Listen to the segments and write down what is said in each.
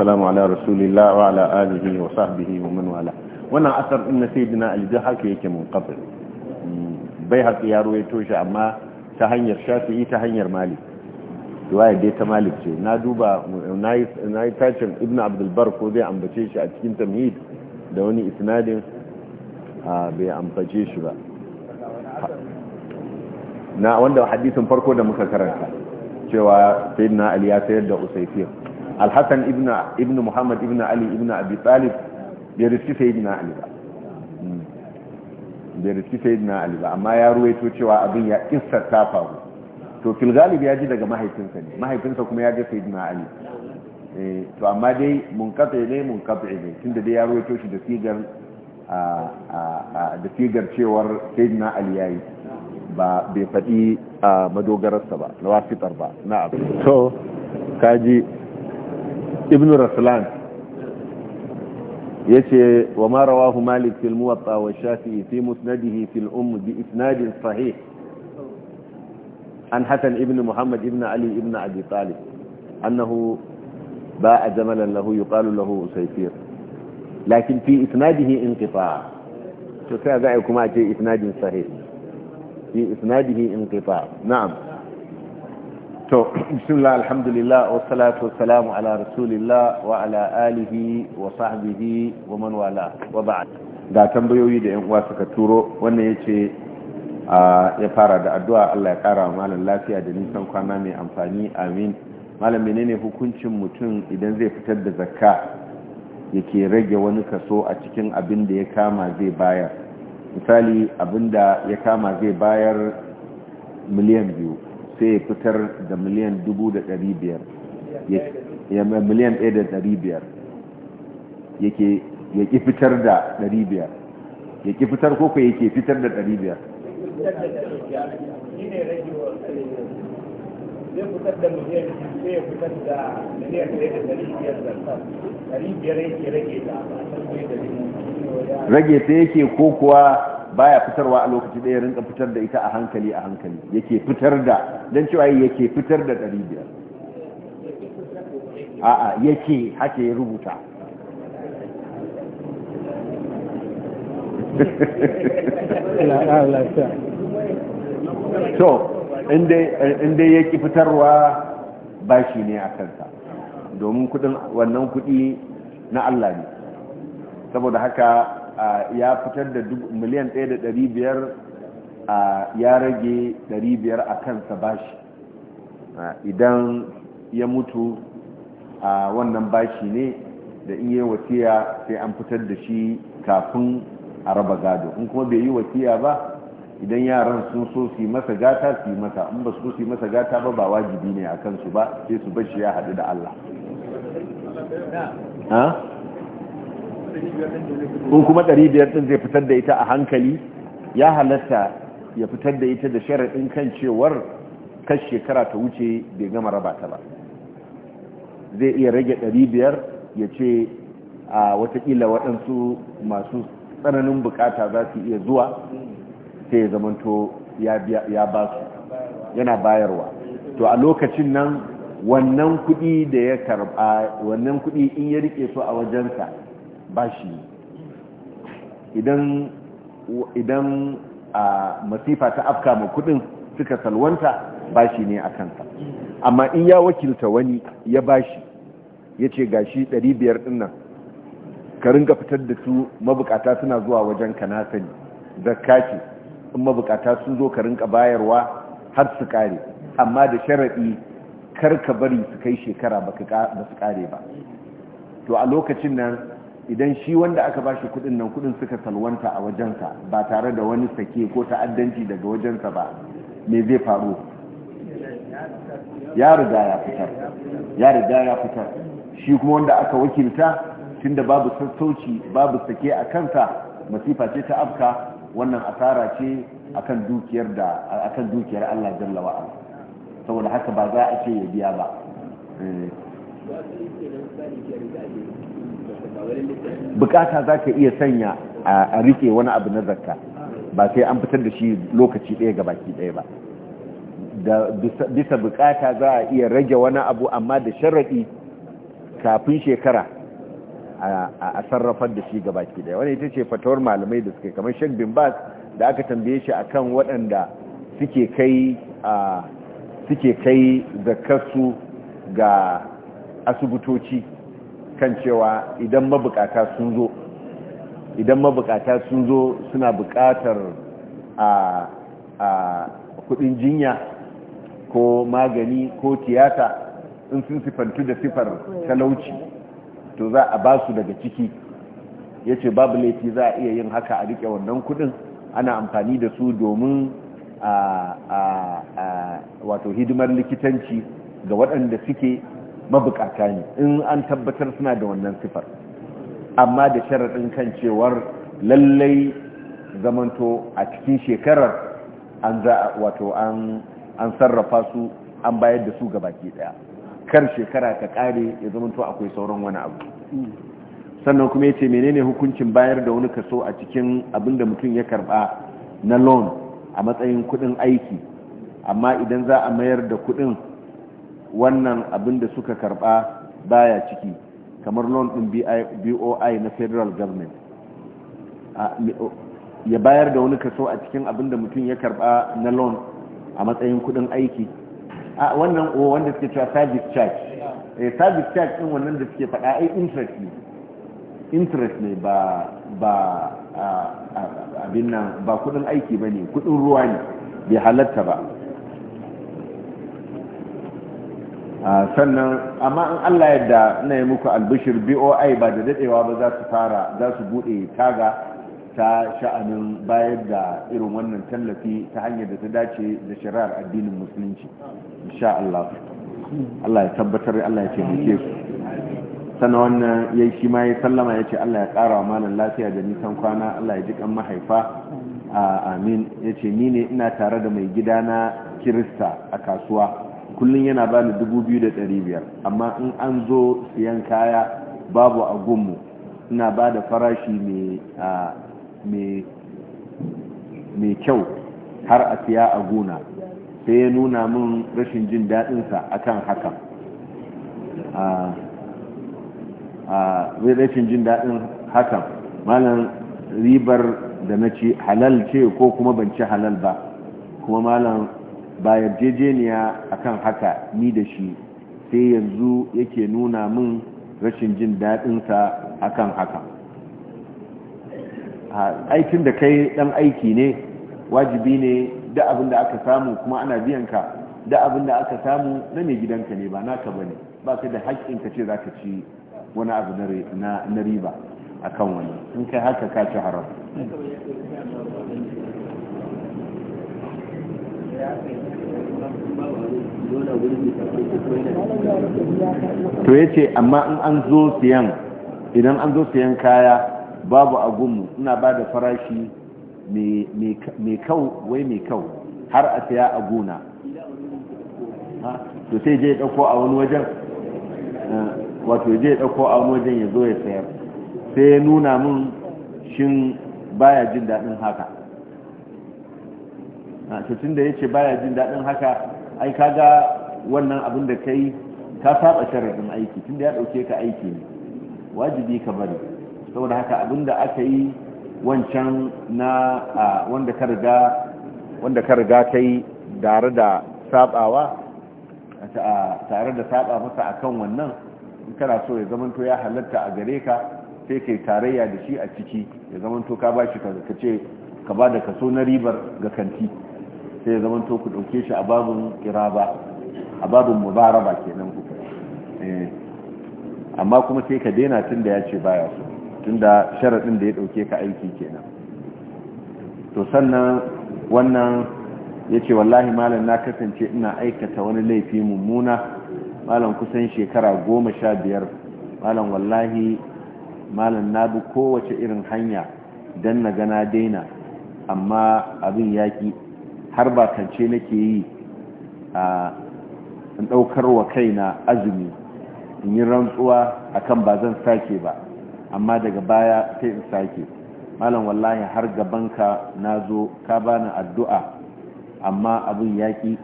salamu ala rasulillah wa ala alihi wa sahbihi wa man wala wannan asar din na sayyidina ali da haka yake munqati bai haƙi ya ruwaito shi amma ta hanyar shafi'i ta hanyar malik riwaya dai ta malik ce na duba na yi tacin ibn Bar ko zai ambace shi a cikin tamhid da wani isnadin bai ambace shi ba na wanda hadisin farko da muka karanta cewa sayyidina ali ya sayar da usaifiyar alhassan ibn muhammad ibn ali ibn abi talib bai riski sayyidina ali ba hmm. bai riski sayyidina ali ba amma ya ruwaito cewa abin ya kissar ta faru to fil galib ya ji daga mahaifinsa ne mahaifinsa kuma ya ga sayyidina ali eh, to amma dai mun munkatsi ne mun munkatsi ne tunda dai ya ruwaito shi da sigar da sigar cewar sayyidina ali yi. ba bai faɗi madogararsa ba na wasitar ba na abu so kaji ابن رسلان يتي وما رواه مالك في الموطا والشافعي في مسنده في الام باسناد صحيح عن حسن ابن محمد ابن علي ابن ابي طالب انه باع جملا له يقال له سيفير لكن في اسناده انقطاع فكذا في اسناد صحيح في اسناده انقطاع نعم to bismillah alhamdulillah wa salatu wa salamu ala rasulillah wa ala alihi wa sahbihi wa man wala wa ba'd ga tambayoyi da yan uwa suka turo wannan yace ya fara da addu'a Allah ya kara wa malam lafiya da nisan kwana mai amfani amin malam menene hukuncin mutum idan zai fitar da zakka yake rage wani kaso a cikin abin da ya kama zai bayar misali abin da ya kama zai bayar miliyan biyu sai ya fitar da miliyan dubu da ɗari biyar ya miliyan ɗaya da ɗari biyar yake ya ƙi fitar da ɗari biyar ya ƙi fitar ko ya yake fitar da ɗari biyar sai ya fitar rage ta yake ko kuwa baya fitarwa a lokaci ɗaya rinka fitar da ita a hankali a hankali yake fitar da don cewa yake fitar da ɗari biyar a'a yake hake ya rubuta So, inda ya ki fitarwa bashi ne a kansa domin kudin wannan kudi na Allah ne saboda haka ya fitar da miliyan ɗaya biyar ya rage ɗari biyar a kansa bashi idan ya mutu a wannan bashi ne da in yi wasiya sai an fitar da shi kafin a raba gado in kuma bai yi wasiya ba idan yaran sun so su yi masa gata su yi masa in ba su su yi masa gata ba ba wajibi ne a kansu ba sai su bashi ya haɗu da Allah in kuma ɗari biyar ɗin zai fitar da ita a hankali ya halatta ya fitar da ita da sharaɗin kan cewar kashi shekara ta wuce bai gama raba ta ba zai iya rage ɗari biyar ya ce a watakila waɗansu masu tsananin bukata za su iya zuwa sai ya zamanto ya ba su yana bayarwa to a lokacin nan wannan kudi da ya karba wannan kuɗi in ya rike su a wajensa bashi idan a masifa ta afka ma kudin suka salwanta bashi ne a kansa amma in ya wakilta wani ya bashi ya ce gashi 500 dinnan ka ga fitar da su mabukata suna zuwa wajen kanasani zakka ce in mabukata sun zo ka bayarwa har su kare amma da sharaɗi kar ka bari su kai shekara ba su kare ba to a lokacin nan idan shi wanda aka bashi kudin nan kudin suka salwanta a wajensa ba tare da wani sake ko ta'addanci daga wajensa ba me zai faru ya riga ya fitar ya riga ya fitar shi kuma wanda aka wakilta tunda babu sassauci babu sake a kansa masifa ce ta afka wannan asara ce akan dukiyar da akan dukiyar Allah jalla wa saboda haka ba za a ce ya biya ba eh. bukata za ka iya sanya a rike wani abu na zakka ba sai an fitar da shi lokaci ɗaya ga baki ɗaya ba da bisa bukata za a iya rage wani abu amma da sharaɗi kafin shekara a sarrafar da shi ga baki ɗaya wani ita ce fatawar malamai da suke kamar shek bin bas da aka tambaye shi akan waɗanda suke kai kai zakkarsu ga asibitoci kan cewa idan mabukata sun zo idan mabukata sun zo suna bukatar a kudin jinya ko magani ko tiyata in sun sifantu da sifar talauci to za a ba su daga ciki ya ce babu laifi za a iya yin haka a rike wannan kudin ana amfani da su domin a wato hidimar likitanci ga waɗanda suke mabukata ne in an tabbatar suna da wannan sifar amma da sharaɗin kan cewar lallai zamanto a cikin shekarar an za wato an sarrafa su an bayar da su ga baki daya kar shekara ta kare ya zamanto akwai sauran wani abu sannan kuma ya ce menene hukuncin bayar da wani kaso a cikin abin da mutum ya karba na loan a matsayin kudin aiki amma idan za a mayar da kudin wannan abin da suka karba baya ciki kamar loan din boi na federal government ya bayar da wani kaso a cikin abin da mutum ya karba na loan a matsayin kudin aiki a wannan o wanda suke cewa service charge eh service charge din wannan da suke faɗa ai interest ne interest ne ba ba abin nan ba kudin aiki bane kudin ruwa ne bai halatta ba Ah, sannan amma in Allah yadda na yi muku albishir BOI ba da dadewa ba za su fara za su bude taga ta sha'anin bayar da irin wannan tallafi ta hanyar da ta dace da shari'ar addinin musulunci insha Allah Allah ya tabbatar Allah ya taimake su sannan wannan ya shi ma ya sallama ya ce Allah ya kara wa malam lafiya da nisan kwana Allah ya ji kan mahaifa ah, amin yace ce ni ne ina tare da mai gidana kirista a kasuwa kullum yana ba ni dubu biyu da ɗari biyar amma in an zo siyan kaya babu a gunmu ina ba da farashi mai kyau har a siya a gona sai ya nuna min rashin jin daɗinsa akan hakan rashin jin daɗin hakan malam ribar da na ci halal ce ko kuma ban ci halal ba kuma malam ba yarjejeniya akan haka ni da shi sai yanzu yake nuna min rashin jin daɗinsa akan haka aikin da kai ɗan aiki ne wajibi ne da abin da aka samu kuma ana biyan ka da abin da aka samu na mai gidanka ne ba naka bane ba ka da haƙƙin ka ce za ka ci wani abu na riba akan wani in kai haka ka ci haram to ya ce amma in an zo siyan idan an zo siyan kaya babu agunmu suna ba da farashi mai kau wai mai kau har a siya a to sai je ɗauko a wani wajen wato je ɗauko a wani wajen ya zo ya sayar sai ya nuna mun shin baya jin daɗin haka to ya ce baya jin daɗin haka ai kaga wannan abin da kai ka saba sharaɗin aiki tun da ya ɗauke ka aiki ne wajibi ka bari saboda haka abin da aka yi wancan na wanda ka riga wanda ka riga kai tare da sabawa tare da saba masa akan wannan in kana so ya zamanto ya halatta a gare ka sai kai tarayya da shi a ciki ya zamanto ka shi ka ce ka ba da kaso na ribar ga kanti sai ya to ku ɗauke shi a babin kiraba a babin mubaraba kenan ku eh, amma kuma sai ka daina tun da ya ce baya so tun da sharaɗin da ya ɗauke ka aiki kenan to sannan wannan ya ce wallahi malam na kasance ina aikata wani laifi mummuna malam kusan shekara goma sha biyar malam wallahi malam na bi kowace irin hanya dan na gana daina amma abin yaƙi har ba kance nake yi a ɗaukar wa kaina azumi in yi rantsuwa akan ba zan sake ba amma daga baya sai in sake malam wallahi har gabanka na zo ka bani addu'a amma abin yaƙi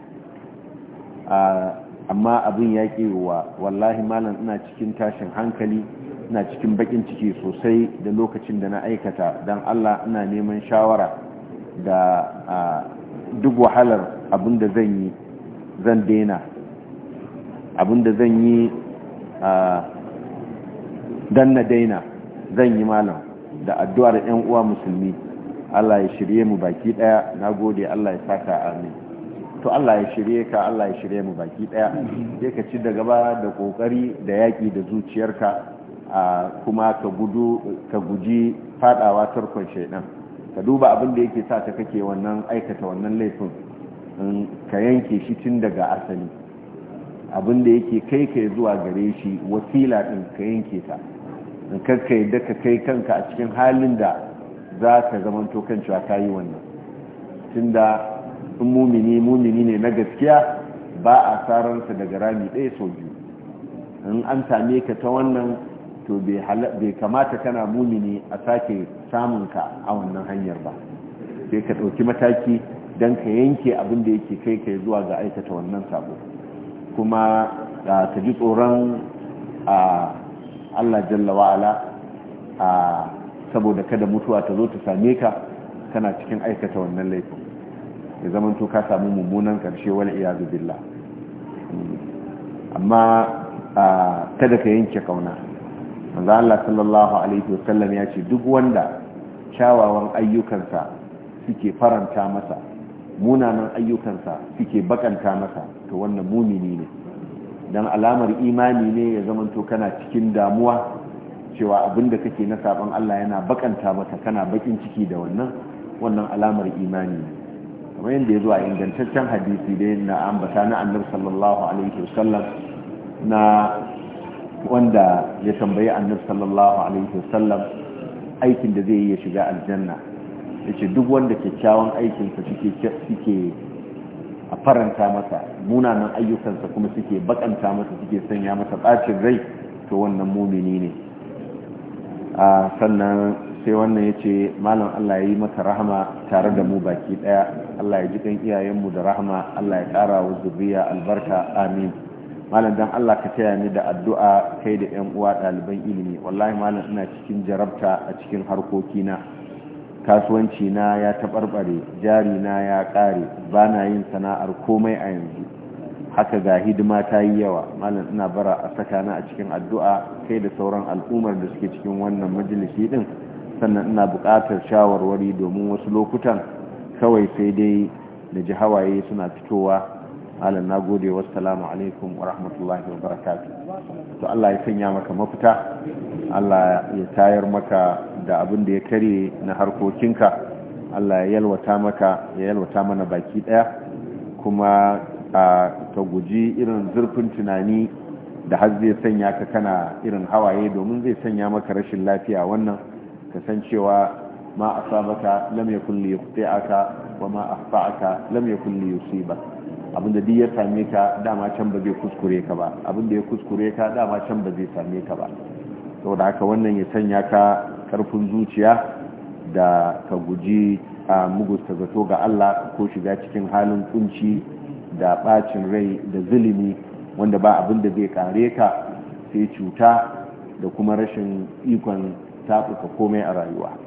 amma abin yaƙi wa wallahi malam ina cikin tashin hankali ina cikin bakin ciki sosai da lokacin da na aikata don allah ina neman shawara da duk wahalar abinda da zan yi zan dena abinda zan yi na daina zan yi malam da addu'ar 'yan uwa musulmi Allah ya shirye mu baki daya na gode Allah ya saka amin to Allah ya shirye ka Allah ya shirye mu baki daya sai ka ci da gaba da kokari da yaki da zuciyarka kuma ka ka guji fadawa tarkon shaidan ka duba abin da yake sa ta kake wannan aikata wannan laifin ka yanke shi tun daga asali abin da yake kai ka zuwa gare shi wasila din ka yanke ta in karka yadda ka kai kanka a cikin halin da za ka zamanto kan cewa ka yi wannan tun da in mumini mumini ne na gaskiya ba a sararsa daga rami ɗaya sau biyu in an same ka ta wannan to bai kamata kana mumini a sake samun ka a wannan hanyar ba sai ka ɗauki mataki don ka yanke abin da yake kai kai zuwa ga aikata wannan sabo kuma ka ji tsoron Allah jalla wa'ala saboda kada mutuwa ta zo ta same ka kana cikin aikata wannan laifin ya zama to ka samu mummunan karshe wani iya billah amma kada ka yanke kauna manzo Allah sallallahu alaihi sallam ya ce duk wanda kyawawan ayyukansa suke faranta masa munanan ayyukansa suke bakanta masa to wannan mumini ne dan alamar imani ne ya zamanto kana cikin damuwa cewa abinda kake na sabon Allah yana bakanta maka kana bakin ciki da wannan wannan alamar imani ne kamar yadda ya zo a ingantaccen hadisi da na ambata na annabi sallallahu alaihi sallam na wanda ya tambayi annabi sallallahu alaihi wasallam aikin da zai yi ya shiga aljanna yace duk wanda kyakkyawan aikinsa suke suke a faranta masa munanan ayyukansa kuma suke bakanta masa suke sanya masa bacin rai to wannan mumini ne a sannan sai wannan yace malam Allah ya yi maka rahama tare da mu baki daya Allah ya ji kan iyayen mu da rahama Allah ya kara wa zuriya albarka amin malam dan Allah ka taya ni da addu'a kai da ƴan uwa ɗaliban ilimi wallahi malam ina cikin jarabta a cikin harkokina kasuwanci na ya taɓarɓare jari na ya ƙare ba na yin sana'ar komai a yanzu haka ga hidima ta yi yawa malam ina bara a saka na a cikin addu'a kai da sauran al'ummar da suke cikin wannan majalisi din sannan ina buƙatar shawarwari domin wasu lokutan kawai sai dai da ji hawaye suna fitowa malam na gode wa salamu alaikum wa rahmatullahi wa barakatu to Allah ya sanya maka mafita Allah ya tayar maka da abin da ya kare na harkokinka Allah ya yalwata maka ya yalwata mana baki daya kuma ka guji irin zurfin tunani da har zai sanya ka kana irin hawaye domin zai sanya maka rashin lafiya wannan kasancewa ma asabaka lam yakun li aka wa ma akhta'aka lam yakun li ba. abinda duk ya same ka dama can ba zai kuskure ka ba abinda ya kuskure ka dama can ba zai same ka ba saboda haka wannan ya sanya ka karfin zuciya da ka guji a mugusta zato ga Allah ko shiga cikin halin kunci da bacin rai da zulumi wanda ba abin da zai kare ka sai cuta da kuma rashin ikon tafuka komai a rayuwa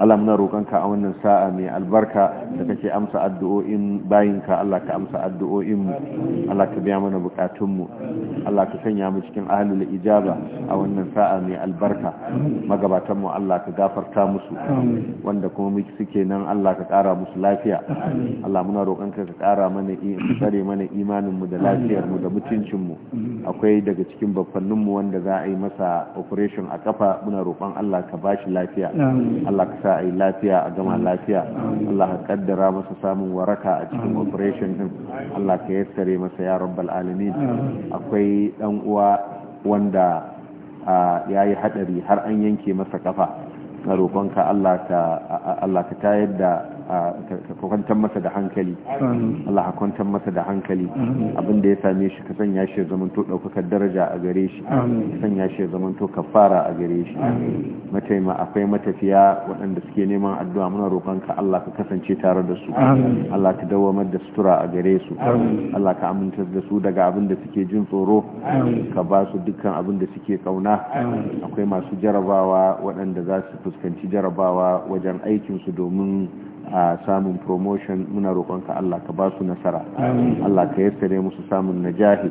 Allah muna roƙonka a wannan sa'a mai albarka da kake amsa addu'o'in bayinka Allah ka amsa addu'o'in mu Allah ka biya mana bukatun mu Allah ka sanya mu cikin ahlul ijaba a wannan sa'a mai albarka magabatan mu Allah ka gafarta musu wanda kuma muke suke nan Allah ka ƙara musu lafiya Allah muna roƙonka ka ƙara mana tsare mana imanin mu da lafiyar mu da mutuncin mu akwai daga cikin babbannin mu wanda za a yi masa operation a kafa muna roƙon Allah ka bashi lafiya Allah ka sa a yi lafiya a gama mm. lafiya Allah ka kaddara masa samun waraka a cikin operation din Allah ka yassare masa ya rabbal alamin akwai dan uwa wanda ya yi hadari har an yanke masa kafa na roƙonka Allah ka tayar da ta kwantar masa da hankali Allah ha kwantar masa da hankali abin da ya same shi ka sanya shi zaman to daukakar daraja a gare shi ka sanya shi zaman to kafara a gare shi mataima akwai matafiya waɗanda suke neman addu'a muna roƙon ka Allah ka kasance tare da su Allah ta dawamar da sutura a gare su Allah ka amintar da su daga abin da suke jin tsoro ka ba su dukkan abin da suke kauna akwai masu jarabawa waɗanda za su fuskanci jarabawa wajen aikin su domin a samun promotion muna roƙonka Allah ka ba su nasara Allah ka yassare musu samun najahi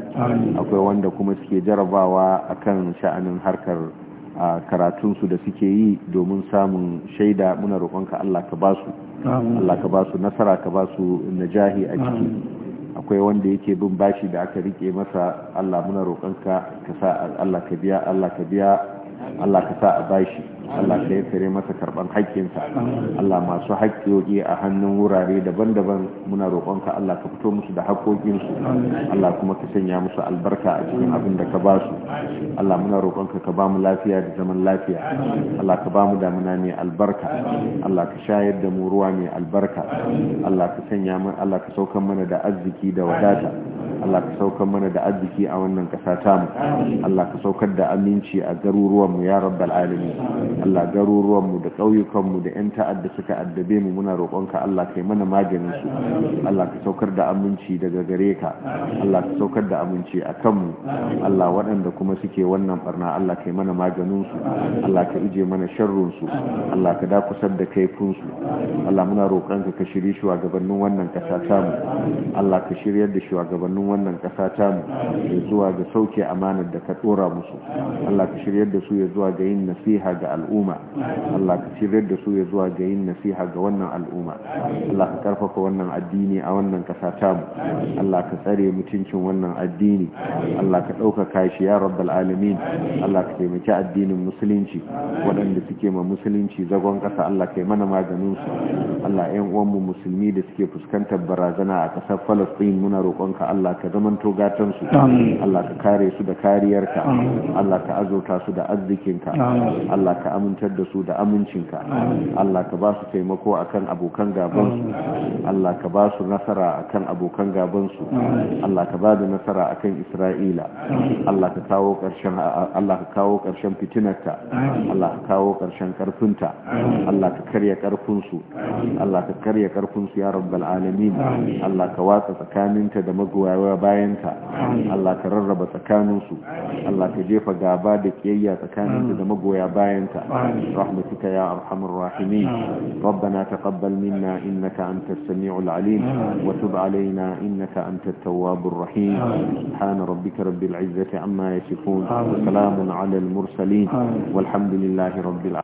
akwai wanda kuma suke jarabawa kan sha'anin harkar karatunsu da suke yi domin samun shaida muna roƙonka Allah ka ba su Allah ka ba su nasara ka ba su najahi a ciki akwai wanda yake bin bashi da aka rike masa Allah muna roƙonka ka sa Allah ka biya Allah ka biya Allah ka sa a bashi Allah ka yi fere masa karban haƙƙinsa Allah masu haƙƙoƙi a hannun wurare daban-daban muna roƙonka Allah ka fito musu da haƙƙoƙinsu Allah kuma ka sanya musu albarka a cikin abin da ka ba su Allah muna roƙonka ka ba mu lafiya da zaman lafiya Allah ka ba mu damuna mai albarka Allah ka shayar da mu ruwa mai albarka Allah ka sanya mu Allah ka saukan mana da arziki da wadata Allah ka saukar mana da arziki a wannan ƙasa tamu Allah ka saukar da aminci a garuruwan mu ya rabbal alamin Allah mu da mu da 'yan ta'adda suka addabe mu muna roƙonka Allah kai mana maganin su Allah ka saukar da aminci daga gare ka Allah ka saukar da aminci a kanmu Allah waɗanda kuma suke wannan barna Allah kai mana maganin su Allah ka ije mana sharrun su Allah ka dakusar da kaifin su Allah muna roƙonka ka shiri shugabannin wannan ƙasa mu Allah ka shiryar da shugabannin wannan ƙasa mu zuwa ga sauke amanar da ka tsora musu Allah ka shiryar da su ya zuwa ga yin nasiha ga al'umma Allah ka shirar da su ya zuwa ga yin nasiha ga wannan al'umma Allah ka karfafa wannan addini a wannan kasa tamu Allah ka tsare mutuncin wannan addini Allah ka ɗaukaka shi ya rabbal alamin Allah ka taimaki addinin musulunci waɗanda suke ma musulunci zagon ƙasa Allah ka yi mana maganin su Allah ƴan uwanmu musulmi da suke fuskantar barazana a ƙasar Falastin muna roƙonka Allah ka zamanto gatan su Allah ka kare su da kariyarka Allah ka azurta su da azurta arzikinka Allah ka amintar da su da amincinka Allah ka ba su taimako akan abokan gabansu Allah ka ba su nasara akan abokan gabansu Allah ka ba da nasara akan Isra'ila Allah ka kawo ƙarshen Allah ka kawo fitinarta Allah ka kawo ƙarshen ƙarfinta Allah ka karya ƙarfinsu Allah ka karya ƙarfinsu ya rabbal alamin Allah ka watsa tsakaninta da magoyawa bayanta Allah ka rarraba tsakaninsu Allah ka jefa gaba da kiyayya tsakanin كانت إذا مقوية باينت رحمتك يا أرحم الراحمين ربنا تقبل منا إنك أنت السميع العليم وتب علينا إنك أنت التواب الرحيم سبحان ربك رب العزة عما يشفون وسلام على المرسلين والحمد لله رب العالمين